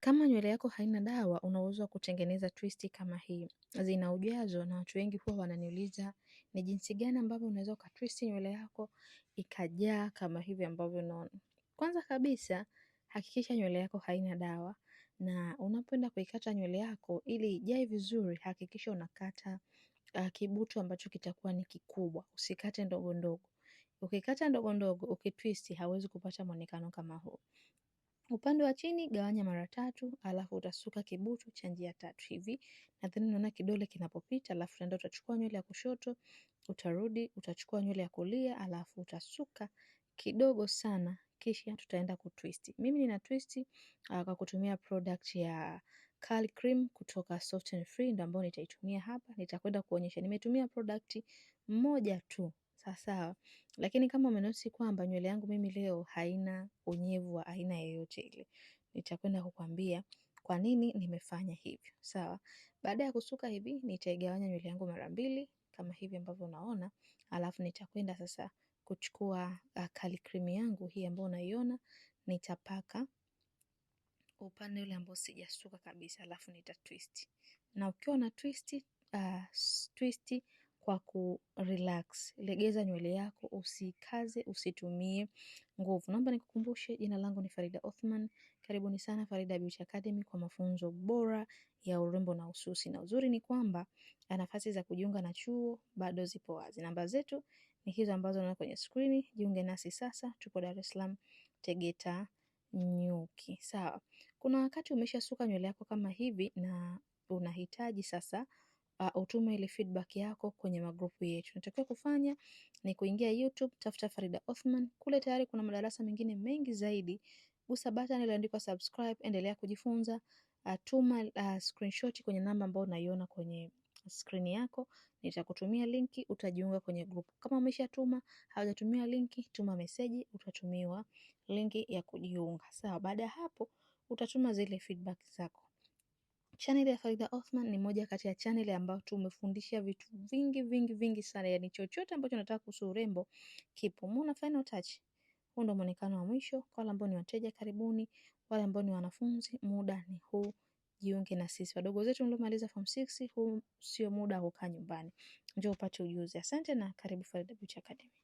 Kama nywele yako haina dawa, una uwezo wa kutengeneza twist kama hii. Zina ujazo na watu wengi huwa wananiuliza ni jinsi gani ambavyo unaweza ukatwisti nywele yako ikajaa kama hivi ambavyo unaona. Kwanza kabisa, hakikisha nywele yako haina dawa na unapoenda kuikata nywele yako ili ijae vizuri, hakikisha unakata uh, kibutu ambacho kitakuwa ni kikubwa, usikate ndogo ndogo. Ukikata ndogo ndogo, ukitwist, hauwezi kupata mwonekano kama huu. Upande wa chini gawanya mara tatu, alafu utasuka kibutu cha njia tatu hivi, na then unaona kidole kinapopita, alafu utaenda utachukua nywele ya kushoto, utarudi utachukua nywele ya kulia, alafu utasuka kidogo sana, kisha tutaenda kutwist. Mimi nina twist uh, kwa kutumia product ya curl cream kutoka Soft and Free ndio ambayo nitaitumia hapa. Nitakwenda kuonyesha, nimetumia product moja tu sawasawa. Lakini kama umenotisi kwamba nywele yangu mimi leo haina unyevu wa aina yoyote ile, nitakwenda kukwambia kwa nini nimefanya hivyo, sawa. Baada ya kusuka hivi, nitaigawanya nywele yangu mara mbili kama hivi ambavyo unaona, alafu nitakwenda sasa kuchukua uh, ah, kali cream yangu hii ambayo unaiona, nitapaka upande ule ambao sijasuka kabisa, alafu nita twist, na ukiwa na twist uh, ah, twist kwa kurelax. Legeza nywele yako, usikaze, usitumie nguvu. Naomba nikukumbushe, jina langu ni Farida Othman. Karibuni sana Farida Beauty Academy kwa mafunzo bora ya urembo na ususi, na uzuri ni kwamba nafasi za kujiunga na chuo bado zipo wazi. Namba zetu ni hizo ambazo unaona kwenye skrini. Jiunge nasi sasa, tupo Dar es Salaam, Tegeta Nyuki. Sawa, kuna wakati umeshasuka nywele yako kama hivi na unahitaji sasa uh, utume ile feedback yako kwenye magrupu yetu. Unatakiwa kufanya ni kuingia YouTube, tafuta Farida Othman. Kule tayari kuna madarasa mengine mengi zaidi. Gusa button iliyoandikwa subscribe, endelea kujifunza. Uh, tuma uh, screenshot kwenye namba ambayo unaiona kwenye skrini yako, nitakutumia linki, utajiunga kwenye grupu. Kama umeshatuma, haujatumia linki, tuma meseji, utatumiwa linki ya kujiunga. Sawa, baada ya hapo utatuma zile feedback zako. Chaneli ya Farida Othman ni moja kati ya chaneli ambayo tumefundisha vitu vingi vingi vingi sana, yani chochote ambacho unataka kuhusu urembo kipo. Muona final touch, huu ndo muonekano wa mwisho. Kwa wale ambao ni wateja, karibuni. Wale ambao ni wanafunzi, muda ni huu, jiunge na sisi. Wadogo zetu waliomaliza form 6, huu sio muda wa kukaa nyumbani, njoo upate ujuzi. Asante na karibu Farida Beauty Academy.